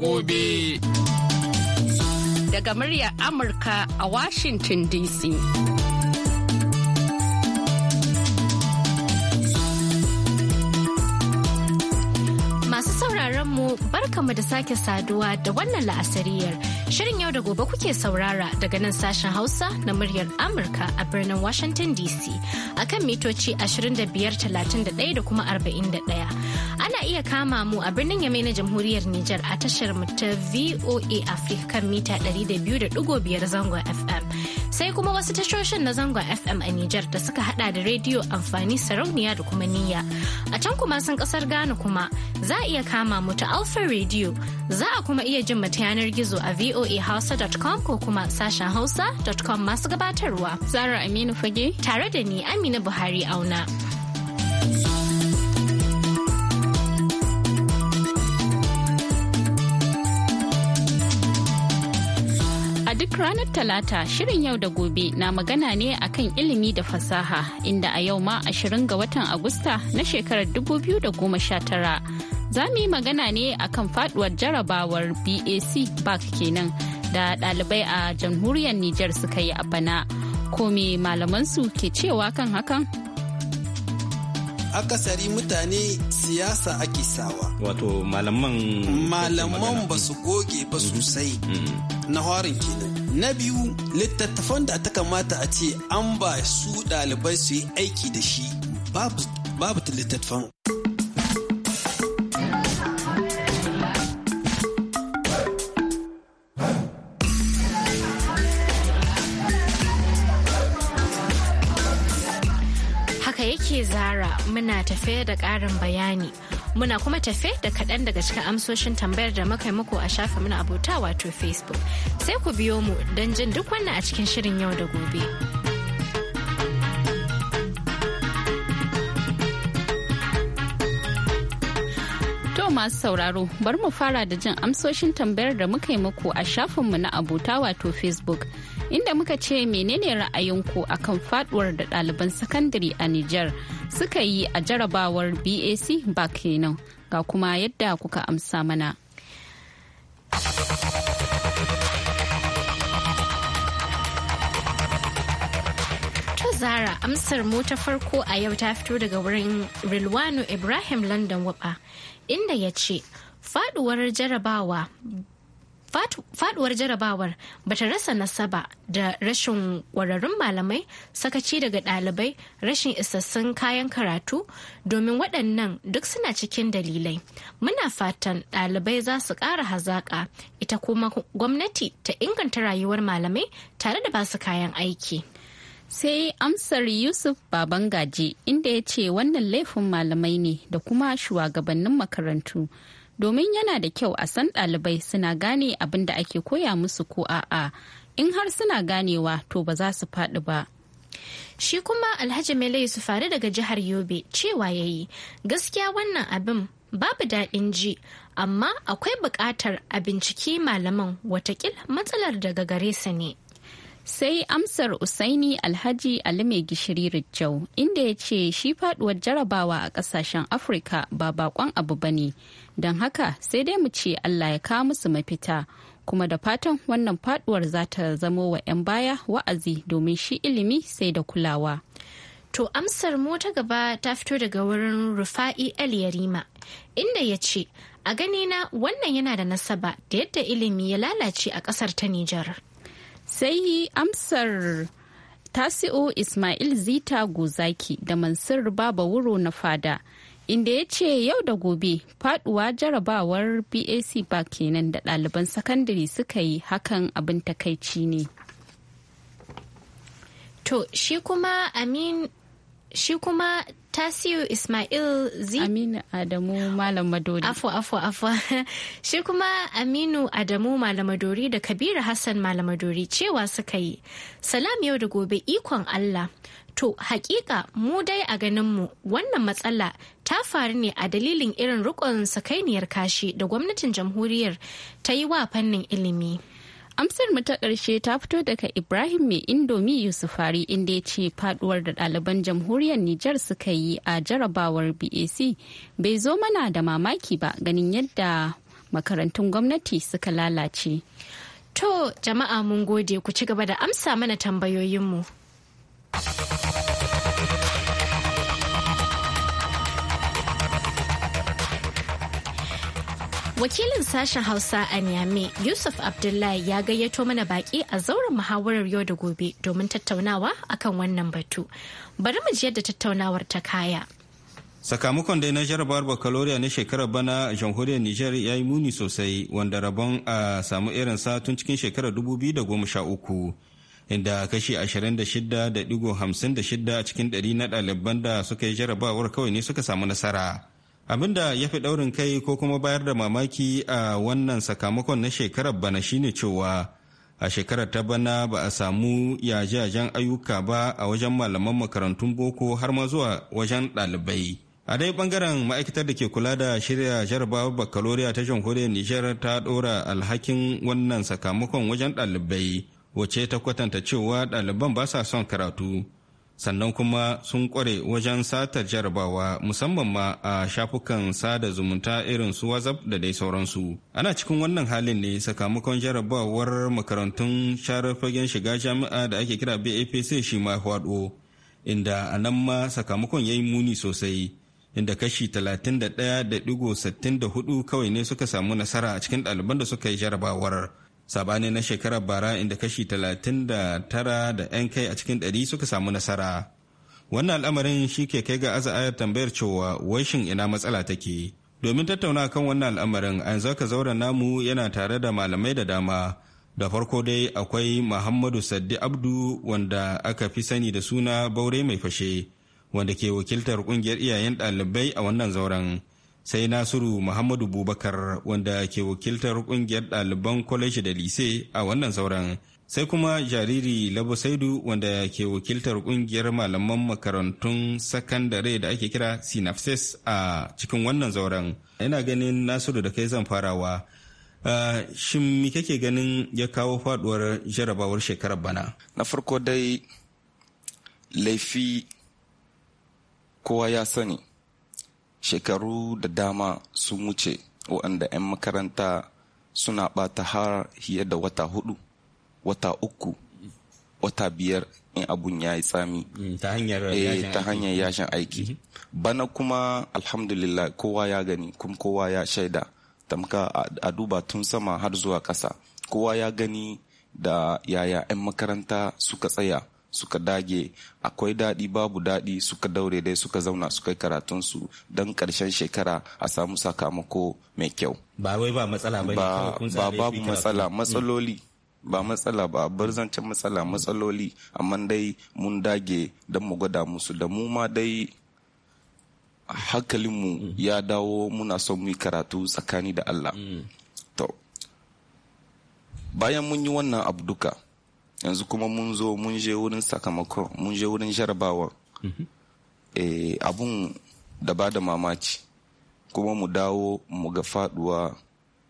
gobe. Daga muryar Amurka a Washington DC. Masu sauraron mu barkamu da sake saduwa da wannan la'asariyar. Shirin yau da gobe kuke saurara daga nan sashen Hausa na muryar Amurka a birnin Washington DC a kan mitoci 2531 da kuma 41. Ana iya kama mu a birnin Yame na Jamhuriyar Nijar a tashar mu ta VOA Africa kan mita 200.5 zangon FM. sai kuma wasu tashoshin na zangon FM a Nijar da suka hada da rediyo amfani sarauniya da kuma niyya. A can kuma sun kasar Ghana kuma za a iya kama mu ta Alpha Radio za a kuma iya jin ta yanar gizo a voahausa.com ko kuma sashen hausa.com masu gabatarwa. Zara Aminu Fage tare da ni Amina Buhari auna. ranar Talata shirin yau da gobe na magana ne akan ilimi da fasaha inda a yau ma 20 ga watan Agusta na shekarar 2019 za mu yi magana ne akan faduwar jarabawar BAC BAC kenan da ɗalibai a jamhuriyar Nijar suka yi a bana. Kome malamansu ke cewa kan hakan? akasari mutane siyasa ake sawa. Wato malaman. Malaman ba su goge ba mm-hmm. sosai mm-hmm. na harin kenan. na biyu littattafan da ta kamata a ce an ba su ɗalibai su yi aiki da shi babu littattafan yake zara muna tafiya da ƙarin bayani Muna kuma tafe da kaɗan daga cikin amsoshin tambayar da muka yi muku a shafin muna abota wato Facebook. Sai ku biyo mu don jin duk wannan a cikin shirin yau da gobe. masu sauraro bari mu fara da jin amsoshin tambayar da muka yi muku a shafinmu na abota wato facebook inda muka ce menene ra'ayinku akan faduwar da ɗaliban sakandare a Nijar suka yi a jarabawar BAC ba kenan ga kuma yadda kuka amsa mana. Zara amsar mu ta farko a yau ta fito daga wurin Rilwano Ibrahim London Waba inda ya ce faduwar jarabawa faduwar jarabawar bata rasa nasaba da rashin ƙwararrun malamai sakaci daga ɗalibai rashin isassun kayan karatu domin waɗannan duk suna cikin dalilai muna fatan ɗalibai za su ƙara hazaƙa ita kuma gwamnati ta inganta rayuwar malamai tare da basu kayan aiki sai amsar yusuf baban gaji inda ya ce wannan laifin malamai ne da kuma shugabannin makarantu domin yana da kyau a san ɗalibai suna gane abin da ake koya musu ko a'a in har suna ganewa to ba za su faɗi ba. Shi kuma Alhaji Mele su faru daga jihar Yobe cewa ya yi gaskiya wannan abin babu daɗin ji amma akwai buƙatar a binciki malaman watakil matsalar daga gare su ne. Sai amsar Usaini Alhaji Ali mai gishiri Rijau inda ya ce shi faduwar jarabawa a kasashen Afirka ba bakon abu ba ne, don haka sai dai mu ce Allah ya kawo musu mafita. Kuma da fatan wannan faduwar za ta zamo wa 'yan baya wa'azi domin shi ilimi sai da kulawa. To amsar mu ta gaba ta fito daga wurin Rufa'i El Yarima, inda ya ce, A ganina wannan yana da nasaba da yadda ilimi ya lalace a ƙasar ta Nijar. sai amsar tasi'u ismail zita gozaki da mansur baba wuro na fada inda ya ce yau da gobe faduwa jarabawar bac ba kenan da ɗaliban sakandare suka yi hakan abin takaici ne to shi kuma amin shi kuma Tasiu Ismail Z. Aminu Adamu Malam Madori. Afo, afo, afo. Shi kuma Aminu Adamu Malam Madori da Kabiru Hassan Malam Madori cewa suka yi. Salam yau da gobe ikon Allah. To hakika mu dai a ganinmu wannan matsala ta faru ne a dalilin irin rikon sakainiyar kashi da gwamnatin jamhuriyar ta yi wa fannin ilimi. Amsar mu ta ƙarshe ta fito daga Ibrahim mai Indomi Yusufari inda ya ce faduwar da ɗaliban jamhuriyar Nijar suka yi a jarabawar BAC bai zo mana da mamaki ba ganin yadda makarantun gwamnati suka lalace. To jama'a mun gode ku ci gaba da amsa mana tambayoyinmu. Wakilin sashen Hausa a Niamey Yusuf Abdullahi ya gayyato mana baki a zauren muhawarar yau da gobe domin tattaunawa akan wannan batu. Bari mu da tattaunawar ta kaya. Sakamakon dai na jarabawar bakaloriya na shekarar bana a jamhuriyar Nijar ya yi muni sosai wanda rabon a samu irin sa tun cikin shekarar 2013 inda kashi 26.56 a cikin 100 na ɗaliban da suka yi jarabawar kawai ne suka samu nasara. abin da ya fi daurin kai ko kuma bayar da mamaki a wannan sakamakon na shekarar bana shine cewa a shekarar ta bana ba a samu yajajen ayyuka ba a wajen malaman makarantun boko har ma zuwa wajen ɗalibai a dai bangaren ma'aikatar da ke kula da shirya jarabawar baccalaureate ta jamhuriyar nijar ta ɗora alhakin wannan sakamakon wajen ɗalibai wace ta kwatanta cewa ɗaliban ba sa son karatu sannan kuma sun kware wajen satar jarabawa musamman ma a shafukan sada zumunta irin su whatsapp da dai sauransu ana cikin wannan halin ne sakamakon jarabawar makarantun sharar fagen shiga jami'a da ake kira bapc shi ma hwado inda a nan ma sakamakon ya yi muni sosai inda kashi 31.64 kawai ne suka samu nasara a cikin ɗaliban da suka yi jarabawar sabani na shekarar bara inda kashi 39 da 'yan kai a cikin 100 suka samu nasara wannan al'amarin shi ke kai ga aza'ayar tambayar cewa washin ina matsala take domin tattauna kan wannan al'amarin a yanzu aka zauren namu yana tare da malamai da dama da farko dai akwai muhammadu saddi abdu wanda aka fi sani da suna baure mai fashe wanda ke wakiltar kungiyar iyayen ɗalibai a wannan zauren sai nasiru muhammadu bubakar wanda ke wakiltar kungiyar ɗaliban kwaleji da lise a wannan sauran sai kuma jariri labo saidu wanda ke wakiltar kungiyar malaman makarantun sakandare da ake kira synapses a cikin wannan zauren yana ganin nasiru da kai zan farawa shin me kake ganin ya kawo faduwar jarabawar shekarar bana na farko dai laifi kowa ya sani shekaru da dama sun wuce waɗanda 'yan makaranta suna ɓata har fiye da wata hudu wata uku wata biyar in abun ya yi tsami mm, ta eh, hanyar yashin aiki mm-hmm. bana kuma alhamdulillah kowa ya gani kuma kowa ya shaida tamka a duba tun sama har zuwa ƙasa kowa ya gani da yaya 'yan makaranta suka tsaya suka dage akwai daɗi babu daɗi suka daure dai suka zauna suka karatunsu don ƙarshen shekara a samu sakamako mai kyau ba wai ba matsala ba ba babu matsala mm. matsaloli ba matsala ba bar zancen matsala matsaloli amma dai mun dage don mu gwada musu da mu ma dai hankalinmu mm. ya dawo muna son mu karatu tsakani da Allah mm. to bayan mun yi wannan abu duka yanzu kuma mun zo mun je wurin sakamakon mun je wurin jarabawa mhm. eh, abun da ba da mamaci kuma mu dawo mu ga faduwa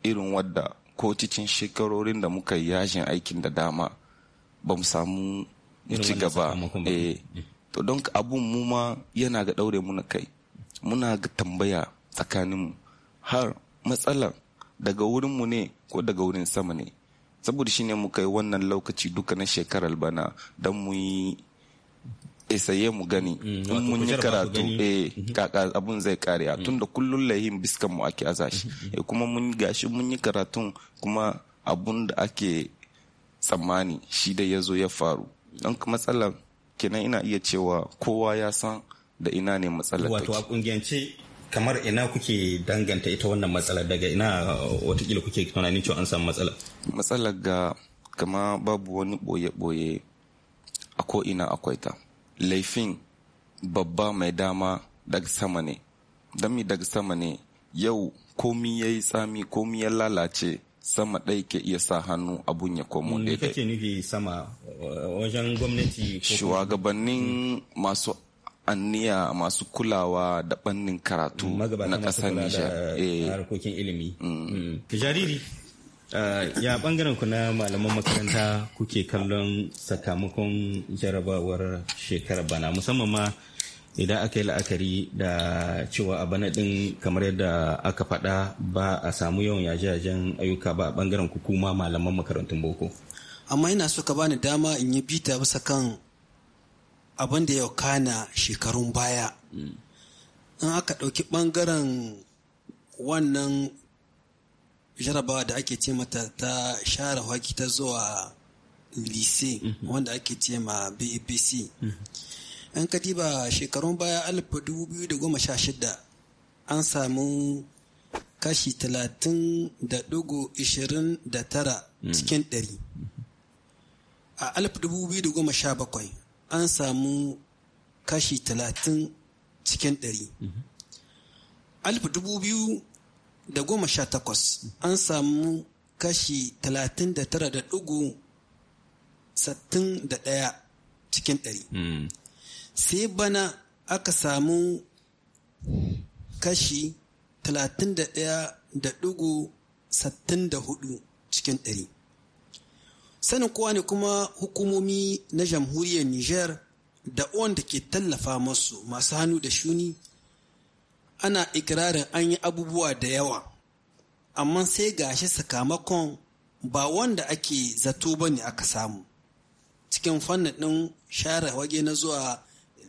irin wadda ko cikin shekarorin da muka yi yashin aikin da dama ba mu samu ci gaba eh, to don abun mu ma yana ga daure muna kai muna ga tambaya tsakaninmu har matsalar daga wurinmu ne ko daga wurin sama ne saboda shine muka yi wannan lokaci duka na shekarar bana don mu yi esaye mu gani mm, in mun yi karatu eh kaka mm-hmm. abun zai kare tun da kullun layin biskan mu ake azashi mm-hmm. E, eh, kuma mun gashi mun yi karatun kuma abun da ake tsammani shi da ya zo ya faru don matsala kenan ina iya cewa kowa ya san da ina ne matsalar wato a kungiyance kamar ina kuke danganta ita wannan matsala daga ina uh, watakila kuke tunanin cewa an samu matsala matsalar ga kama babu wani boye-boye a ko'ina akwai ta laifin babba mai dama daga sama ne mi daga sama ne yau komi ya yi tsami komi ya lalace sama ɗai ke iya sa hannu abun ya komo daidai. kake nufi sama uh, wajen gwamnati shugabannin masu anniya masu kulawa da bannin karatu na ƙasar a eh. harkokin ilimi. Mm. Mm. Jariri, ah, ya bangaren ku na malaman makaranta kuke kallon sakamakon jarabawar shekarar bana musamman ma idan aka yi la'akari da cewa a bana din kamar yadda aka faɗa ba a samu yawan yaje-yajen ayyuka ba a bangaren ku kuma malaman makarantun boko. amma ina so ka bani dama in yi bita bisa kan abin da ya kana shekarun baya mm. in aka ɗauki ɓangaren wannan jarabawa da ake ce mata ta share haki ta zuwa lise mm-hmm. wanda ake ce ma bapc an mm-hmm. katiba shekarun baya 2016 an samu kashi 30.29 mm. cikin 100 a 2017 an samu kashi talatin cikin ɗari. Alif dubu biyu da goma sha takwas an samu kashi talatin da tara da ɗugu sattin da ɗaya cikin ɗari. Hmm. Sai bana aka samu kashi talatin da ɗaya da ɗugu sattin da hudu cikin ɗari. sanin kowa ne kuma hukumomi na jamhuriyar niger da wanda ke tallafa masu masu hannu da shuni ana ikirarin an yi abubuwa da yawa amma sai gashi sakamakon ba wanda ake zato ba ne aka samu cikin fannin ɗin share wage na zuwa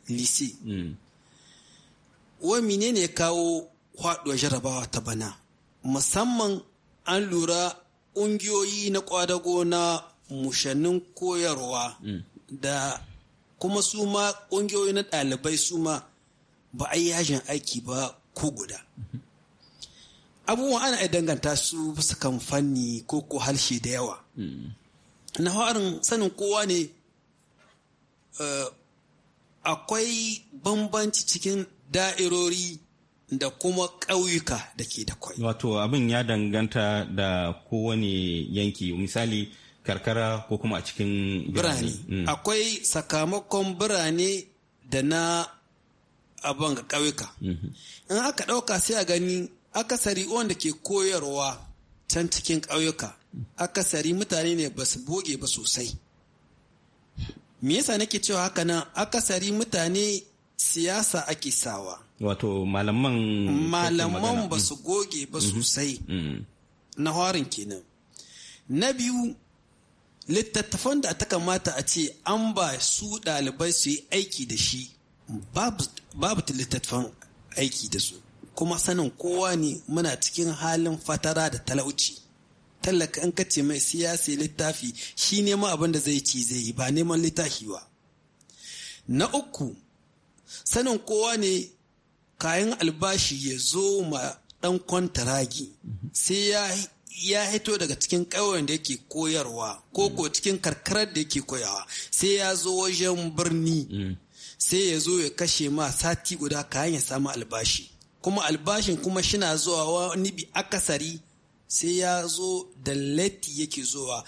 lise mm. wa menene ya kawo haɗuwar jarabawa ta bana musamman an lura ƙungiyoyi na ƙwadago na mushannin koyarwa mm. da kuma su ma ƙungiyoyi na ɗalibai su ma ba a yi yajin aiki ba ko guda abubuwan ana iya danganta su bisa kan fanni ko ko harshe da yawa mm. na harin sanin kowa ne eh, akwai bambanci cikin da'irori da kuma ƙauyuka da ke da kwai wato abin ya danganta da kowane yanki misali karkara ko kuma a cikin birane mm. akwai sakamakon birane da na abin ga ƙauyuka mhm. in aka ɗauka sai a gani akasari wanda ke koyarwa can cikin ƙauyuka akasari mutane ne ba su boge ba sosai me yasa nake cewa haka nan akasari mutane siyasa ake sawa wato malaman malaman ba mm. su goge ba mhm. sosai mm. na harin kenan na biyu littattafan da ta kamata a ce an ba su ɗalibai su yi aiki da shi babu littattafan aiki da su kuma sanin kowa ne muna cikin halin fatara da talauci tallaka an kace mai siyasi littafi shi neman abin da zai ci zai yi ba neman littafi ba na uku sanin kowa ne kayan albashi ya zo ma ɗan kwantaragi sai ya ya hito daga cikin ƙauyen da yake koyarwa ko ko cikin karkarar da yake koyawa sai ya zo wajen birni mm. sai ya zo ya kashe ma sati guda kayan ya samu albashi kuma albashin kuma shina zuwa wani bi akasari sai ya zo da leti yake zuwa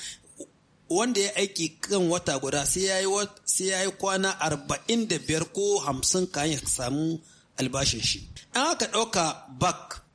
wanda ya aiki kan wata guda sai ya yi kwana arba'in da biyar ko hamsin kayan ya samu albashin shi an aka ɗauka bak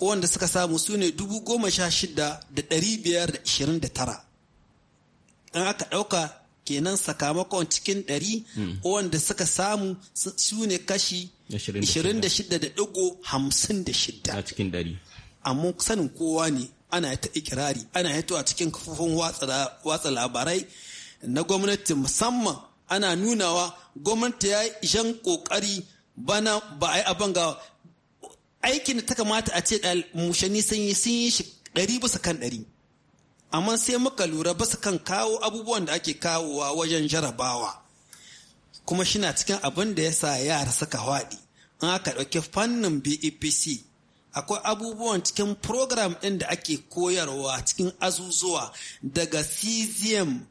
wanda suka samu su ne dubu goma sha shida da ɗari biyar da ishirin da tara An aka ɗauka kenan sakamakon cikin ɗari hmm. wanda suka samu su ne kashi ishirin da shida da ɗigo hamsin da shida a cikin ɗari amma sanin kowa ne ana ta ikirari ana hito a cikin kafofin watsa labarai na gwamnati musamman ana nunawa gwamnati ya yi jan ƙoƙari bana ba a yi abin ga aikin da ta kamata a ce mushani sun yi sun yi shi ɗari bisa kan ɗari amma sai muka lura basa kan kawo abubuwan da ake kawowa wajen jarabawa kuma shina cikin abin da ya sa yara suka haɗi an aka ɗauki fannin BAPC e akwai abubuwan cikin program ɗin da ake koyarwa cikin azuzuwa daga cesium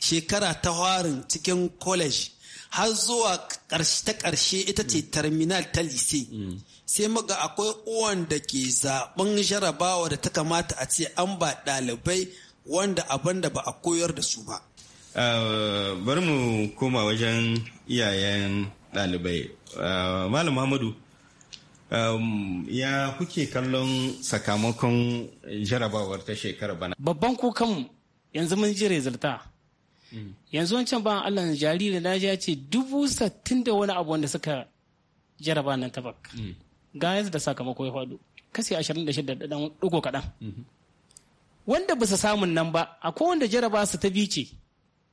shekara ta harin cikin college har zuwa ta ƙarshe ita ce mm. terminal ta lise mm. sai muga akwai uwan da ke zaɓin jarabawa da ta kamata a ce an ba ɗalibai wanda abin da ba a koyar da su ba. Uh, bari mu koma wajen iyayen ɗalibai uh, malam Muhammadu um, ya kuke kallon sakamakon jarabawar ta shekara bana babban kukan yanzu mun ji rezulta yanzu wancan ba allah jaririn na ya ce dubu sattin da wani abu wanda suka jaraba nan tabak mm. ga yanzu da sakamako ya faɗo kasi ashirin da shida da ɗan ɗigo kaɗan mm-hmm. wanda ba su samun nan ba akwai wanda jaraba su ta bice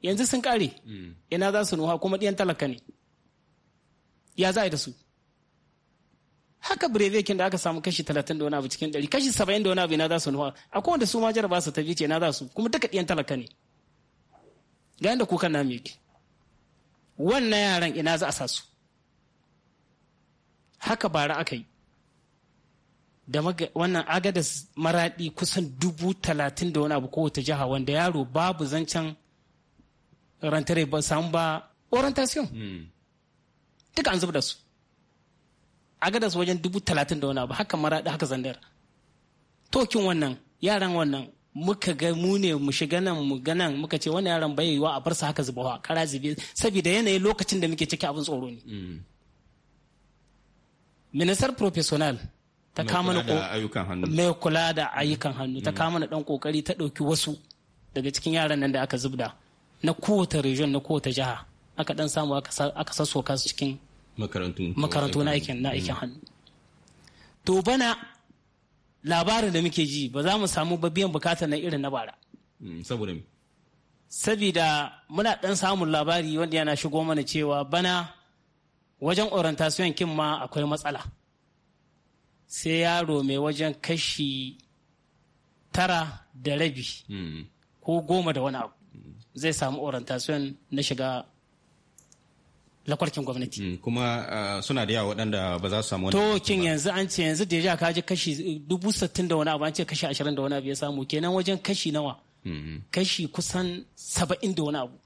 yanzu sun kare mm. ina za su nuha kuma ɗiyan talaka ne ya za a yi da su haka brevekin da aka samu kashi talatin da wani abu cikin ɗari kashi saba'in da wani abu ina za su nuha akwai wanda su ma jaraba su ta bice ina za su kuma duka ɗiyan talaka ne ga yadda kukan namu yake wannan yaran ina za a sa su haka bara aka yi da wannan agadas maradi kusan dubu talatin da wani abu kowace jiha wanda yaro babu zancen rantare ba samu ba orientation hmm. duka an zubar da su agadas wajen dubu talatin da wani abu haka maradi haka zandar tokin wannan yaran wannan muka ga mu ne mu shiga nan mu ga nan muka ce wani yaron bai yiwa a bar sa haka zubawa kara zube saboda yanayin lokacin da muke ciki abin tsoro ne mm. ministar professional ta kama na mai kula da ayyukan hannu ta mm. kama na dan kokari ta dauki wasu daga cikin yaran nan da aka zubda na kowace region na kowace jiha aka dan samu aka sassoka su cikin makarantu na aikin mm. hannu to bana labarin da muke ji ba za mu samu ba biyan bukatar na irin na bara. Mm, saboda me? Sabida muna ɗan samun labari wanda yana shigo mana cewa bana wajen orientation kin ma akwai matsala. Sai yaro mai wajen kashi tara da rabi mm. ko goma da wani abu mm. zai samu orientation na shiga lakwarkin gwamnati. Mm, kuma ah, suna da yawa waɗanda ba za su samu wani. To kin yanzu an ce yanzu ya ka ji kashi dubu sittin da wani abu an ce kashi ashirin da wani abu ya samu kenan wajen kashi nawa. Mm-hmm. Kashi kusan saba'in da wani abu.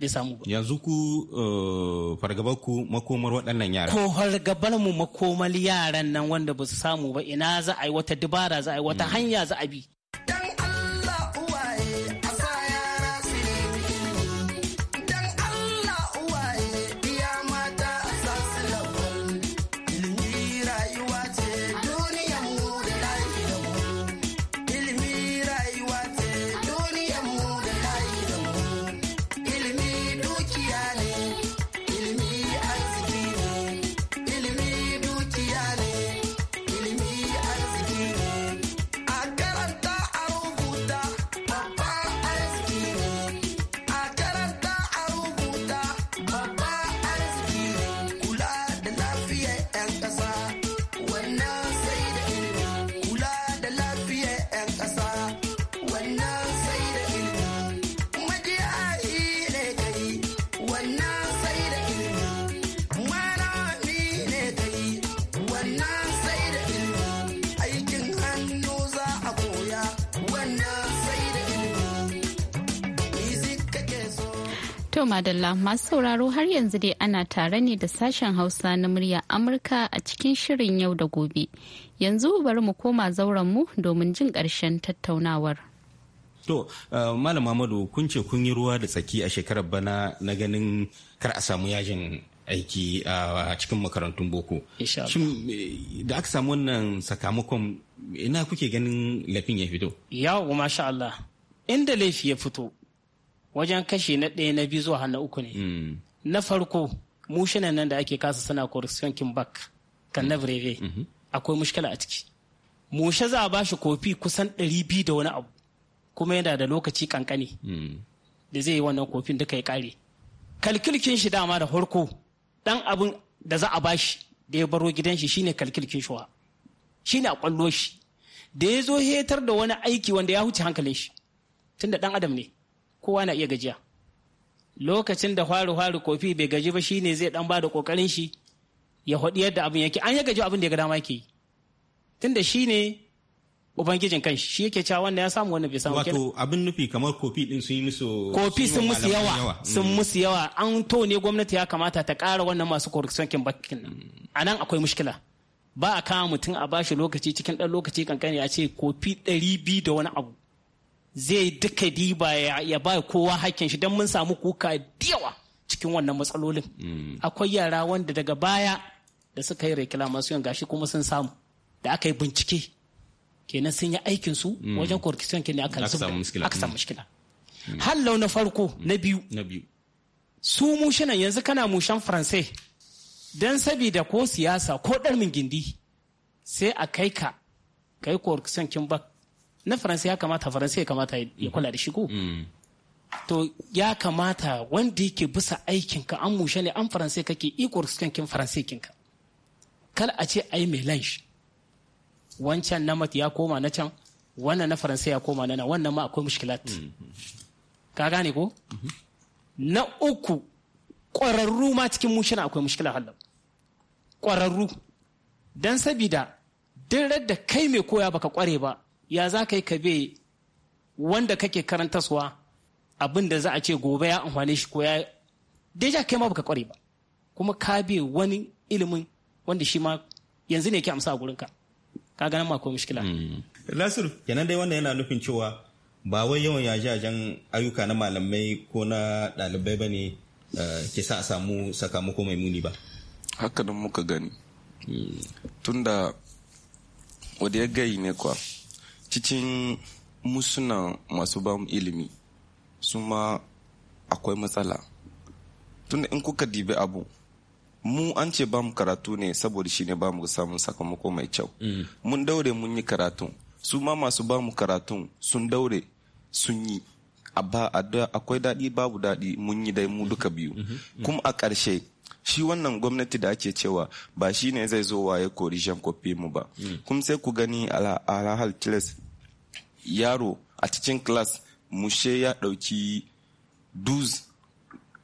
Bai samu ba. Yanzu ku eh, fargabar ku makomar waɗannan yara. Ko fargabar mu makomar yaran nan wanda ba su samu ba ina za a yi wata dubara za a yi wata mm. hanya za a bi. To Madalla masu sauraro har yanzu dai ana tare ne da sashen Hausa na murya Amurka a cikin shirin yau da gobe. Yanzu bari mu koma zauren mu domin jin karshen tattaunawar. To, eh, Malam Mamadu kun ce kun yi ruwa da tsaki a shekarar bana na ganin kar a samu yajin aiki a cikin makarantun boko. Eh, da aka samu wannan sakamakon ina kuke ganin lafin ya fito? Yawo, masha Allah. Inda laifi ya fito, wajen kashi na ɗaya na biyu zuwa hannu na uku ne mm. na farko mushinan nan da ake kasa suna correction back kan na breve mm-hmm. mm-hmm. akwai mushkila a ciki mushe za a ba shi kofi kusan ɗari biyu da wani abu kuma yana da lokaci kankani mm. da zai yi wannan kofin duka ya kare kalkilkin shi dama da farko dan abin da za a bashi da ya baro gidan shi shine kalkilkin shuwa shine a kwallo shi da ya zo hetar da wani aiki wanda ya huce hankalin shi tunda dan adam ne kowa na iya gajiya lokacin da faru faru kofi bai gaji ba shine zai dan bada kokarin shi ya hodi yadda abin yake an ya gaji abin da ya ga dama yake tunda shine ubangijin kan shi yake cewa wanda ya samu wanda bai samu wato abin nufi kamar kofi din sun yi musu kofi sun musu yawa sun mm. musu yawa an to ne gwamnati ya kamata ta ƙara wannan masu corruption kin bakin a nan mm. akwai mushkila ba a kama mutum a bashi lokaci cikin ɗan lokaci kankani ya ce kofi ɗari biyu da wani abu zai duka diba ya ba kowa hakkin shi don mun samu kuka yawa cikin wannan matsalolin mm. akwai yara wanda daga baya da suka yi yin gashi kuma sun samu da aka yi bincike kenan sun yi aikin su mm. wajen korkisiyon kenan aka samu muskila. Mm. hallau na farko na biyu su mushinan yanzu kana mushan faransa don sabida ko siyasa ko ɗarmin gindi sai a kai ka kai korkisiyon kin ba na faransa ya kamata faransa ya kamata ya kula da shi ko mm. to ya kamata wanda yake bisa aikinka an mushe ne an faransa kake iko riskankin faransa kinka kal a ce ai mai lunch wancan na mat ya koma na can wannan na faransa ya koma na nan wannan ma akwai mushkilat mm. ka gane ko mm-hmm. na uku ƙwararru ma cikin mushina akwai mushkila hallam ƙwararru don sabida duk da kai mai koya baka ƙware ba ya za ka yi ka be wanda kake karantaswa abin da za a ce gobe ya amfane shi ko ya deja kai ma baka kware ba kuma ka be wani ilimin wanda shi ma yanzu ne ke amsa a gurinka ka ganin ma akwai mushkila mm. nasiru kenan dai wannan yana nufin cewa ba wai yawan jan ayyuka na malamai ko na ɗalibai ba ne eh, ke sa a samu sakamako mai muni ba haka nan muka gani mm. tunda wadda ya gai ne kwa cikin musunan masu ba mu ilimi su ma akwai matsala tun in kuka dibe abu mu an ce ba mu karatu ne saboda shi ne ba mu samun sakamako mai kyau mm. mun daure mun yi karatu su ma masu ba mu karatu sun daure sun yi akwai daɗi babu daɗi mun yi dai mu duka biyu mm-hmm. Mm-hmm. kuma a ƙarshe shi wannan gwamnati da ake cewa ba shi ne zai zo wa ya kori shan kofi mu ba mm. kuma sai ku gani alhal tilas yaro a cikin class mushe ya ɗauki duz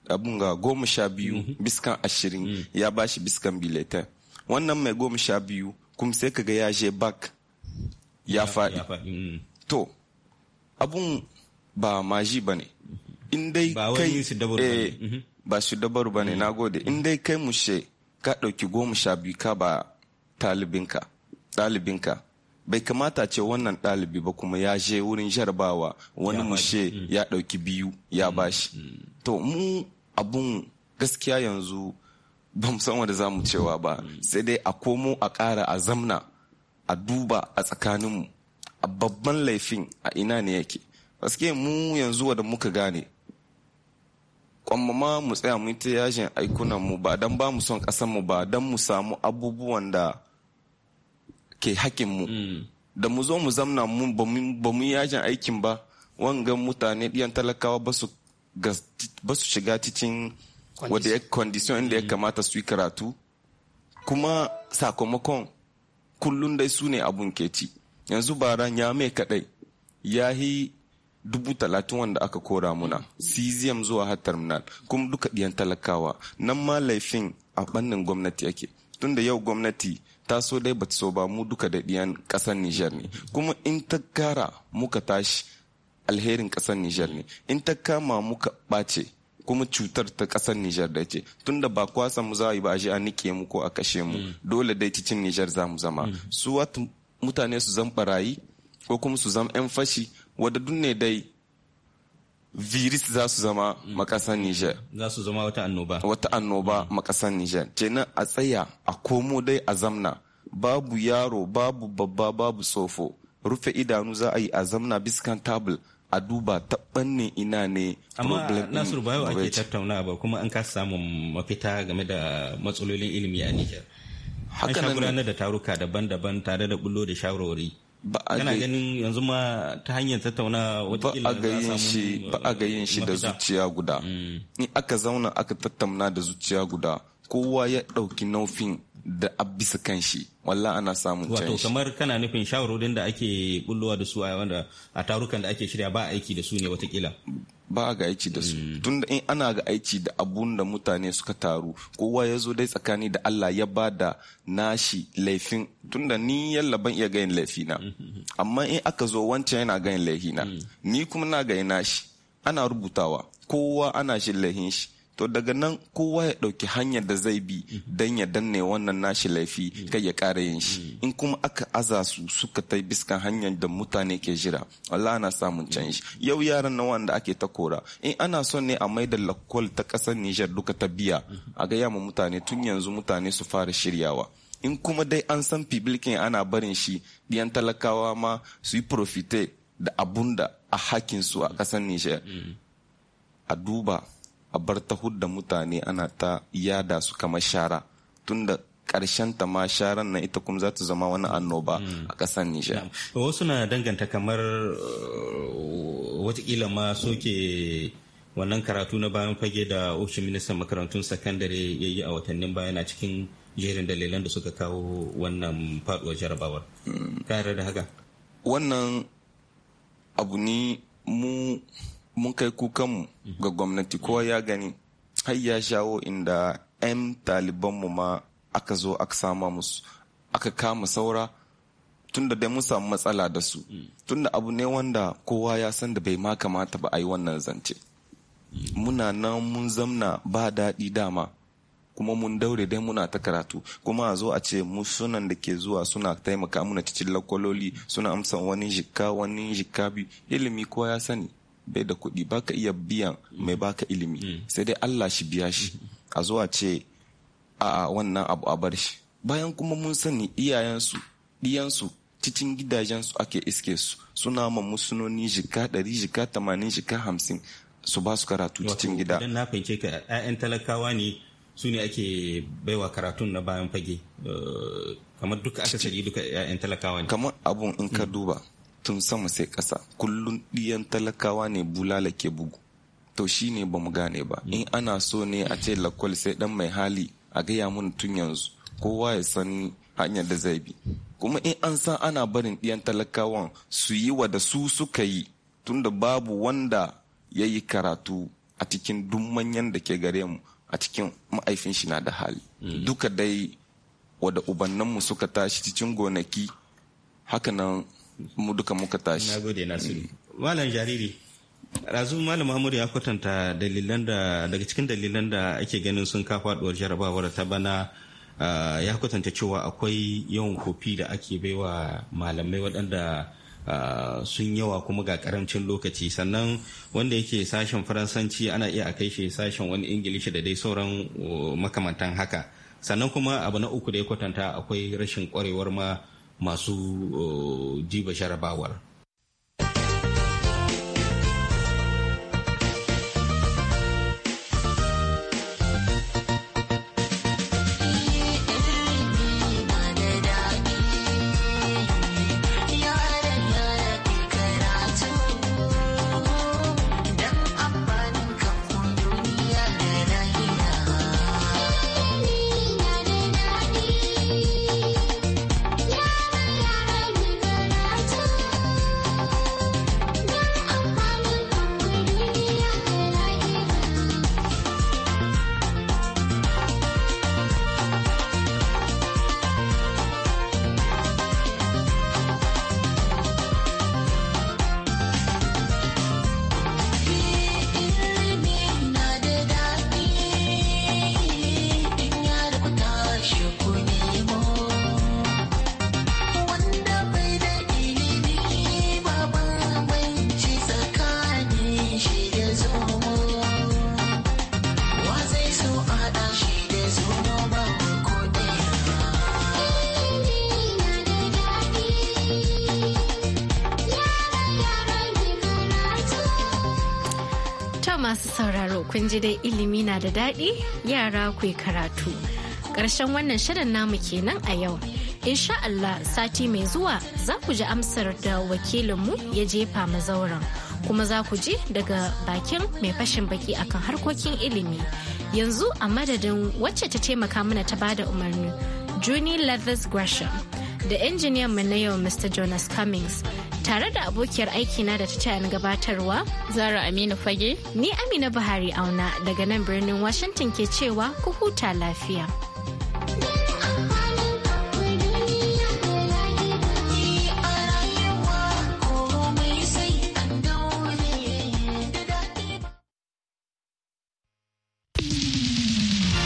abun ga goma sha biyu mhm. biskan ashirin mm. ya bashi biskan biletin wannan mai goma sha biyu kuma sai kaga ya je bak ya faɗi mm. to abun ba maji ba ne mhm. in kai ba su dabaru ba ne eh, mhm. mm. na gode in kai mushe ka ɗauki goma sha biyu ka ba talibinka bai kamata ce wannan ɗalibi ba kuma ya je wurin jarabawa wani mushe hmm. ya ɗauki biyu ya hmm. bashi hmm. to mu abun gaskiya yanzu ba mu san wanda za mu cewa ba sai dai a komo a ƙara a zamna a duba a tsakaninmu a babban laifin a ina ne yake gaske mu yanzu wadda muka gane kwammama mu tsaya mu ta yajin aikunan mu ba don ba mu son ƙasar mu ba don mu samu abubuwan da ke mu. Mm. da mu zo mu zamna mu ba mu yajin aikin ba wangan mutane ɗiyan talakawa ba su shiga cikin wadda ya condition inda ya mm. kamata su yi karatu kuma sakamakon kullum dai su ne abun ke ci yanzu bara ya mai kadai ya yi dubu talatin wanda aka kora muna mm. cesium zuwa har terminal kuma duka ɗiyan talakawa nan ma laifin a bannin gwamnati yake tunda yau gwamnati ta dai ba so ba mu duka da diyan ƙasar Nijar ne kuma in ta gara muka tashi alherin ƙasar Nijar ne in ta kama muka ɓace kuma cutar ta ƙasar Nijar da ce tunda ba kwasa mu za yi ba a a nike mu ko a kashe mu mm. dole dai cikin Nijar za mu zama mm. su wata mutane su zan barayi ko kuma su zan 'yan fashi wadda duk ne dai virus za su zama makasan Niger. Za su zama wata annoba. Wata annoba makasan Niger. Kenan a tsaya a komo dai a zamna. Babu yaro, babu babba, babu tsofo. Rufe idanu za a yi a zamna biskan tabul a duba taɓanne ina ne amma nasiru bayo ake tattauna ba kuma an kasa samun mafita game da matsalolin ilimi a nijar An sha gudanar da taruka daban-daban tare da bullo da shawarwari yana ganin yanzu ma ta hanyar tattauna wata ba a yin shi ba a ga yin shi da zuciya guda mm. ni aka zauna aka tattauna da zuciya guda kowa ya ɗauki nufin da abisa kan shi ana samun canji wato kamar kana nufin shawarorin da ake bullowa da su a wanda a tarukan da ake shirya ba aiki da su ne watakila ba ga aiki da su mm. tun in ana ga aiki da abun da mutane suka taru kowa ya zo dai tsakani da Allah ya ba da nashi laifin tunda ni yalla ban iya gayin laifina mm-hmm. amma in aka zo wancan yana gayin laifina mm. ni kuma na gayi nashi ana rubutawa kowa ana shi laifin shi to daga nan kowa ya ɗauki hanyar da zai bi don ya danne wannan nashi laifi kai ya ƙara yin shi in kuma aka aza su suka ta biskan hanyar da mutane ke jira Allah ana samun canji yau yaran na wanda ake ta kora in ana son ne a mai da lakwal ta ƙasar Nijar duka ta biya a ga yamma mutane tun yanzu mutane su fara shiryawa in kuma dai an san fibilkin ana barin shi ɗiyan talakawa ma su yi profite da abunda da a su a ƙasar Nijar a duba a bar ta hudda mutane ana ta yada su kamar shara tunda karshen ta ma sharan na ita kuma za ta zama wani annoba a ƙasar Nijar. Wasu na danganta kamar uh, watakila ma soke wannan karatu na bayan fage da ofishin ministan makarantun sakandare ya yi a watannin baya na cikin jerin dalilan da suka kawo wannan faduwar jarabawar. Mm. Kayar da haka? Wannan abu ne mu mun kai kukanmu ga gwamnati kowa ya gani har ya shawo inda 'yan talibanmu ma aka zo aka sama musu aka kama saura tunda dai mun samu matsala da su mm. tunda abu ne wanda kowa ya san da bai ma kamata ba a yi wannan zance mm. muna nan mun zamna ba daɗi dama kuma mun daure dai muna ta karatu kuma a zo a ce mu sunan da ke zuwa suna taimaka muna cikin lakwaloli suna amsa wani jikka wani jikka bi ilimi kowa ya sani bai da kuɗi ba ka iya biyan mai baka ilimi mm. sai dai Allah shi biya shi a zuwa ce a'a wannan abu a bar shi bayan kuma mun sani iyayensu ɗiyansu cikin gidajensu ake iske su suna ma musunoni jika ɗari jika tamanin jika hamsin su ba su karatu cikin gida. Idan na fahimce ka 'ya'yan talakawa ne su ne ake baiwa karatun na bayan fage eh, kamar duka akasari duka 'ya'yan talakawa ne. Kamar abun in ka mm. duba. tun sama sai ƙasa kullum ɗiyan talakawa ne bulala ke bugu to shi ne ba mu gane ba in ana so ne a ce lakwal sai dan mai hali a gaya mun tun yanzu kowa ya san hanyar da zai bi kuma in an san ana barin ɗiyan talakawan su yi wa da su suka yi tunda babu wanda ya yi karatu a cikin duk manyan da ke gare mu a cikin ma'aifin shi na da hali mm. duka dai wada mu suka tashi cikin gonaki hakanan mu duka muka tashi nagode nasiru malam jariri razu malam Amur ya kwatanta dalilan da daga cikin dalilan da ake ganin sun ka faduwar jarabawar ta bana ya kwatanta cewa akwai yawan kofi da ake baiwa malamai waɗanda Uh, sun yawa kuma ga karamcin lokaci sannan wanda yake sashen faransanci ana iya a kai shi sashen wani ingilishi da dai sauran uh, makamantan haka sannan kuma abu na uku da ya kwatanta akwai rashin kwarewar ma masu eh, jiba sharabawar kun ji dai ilimi na da daɗi yara ku karatu. Ƙarshen wannan shirin namu kenan a yau. Insha Allah sati mai zuwa za ku ji amsar da wakilinmu ya jefa mazauran. kuma za ku ji daga bakin mai fashin baki akan harkokin ilimi yanzu a madadin wacce ta taimaka mana ta bada umarni juni levis gresham da injiniyan mu na yau mr jonas cummings tare da abokiyar aikina da ta taya ni gabatarwa zara aminu fage ni amina buhari auna daga nan birnin washington ke cewa ku huta lafiya.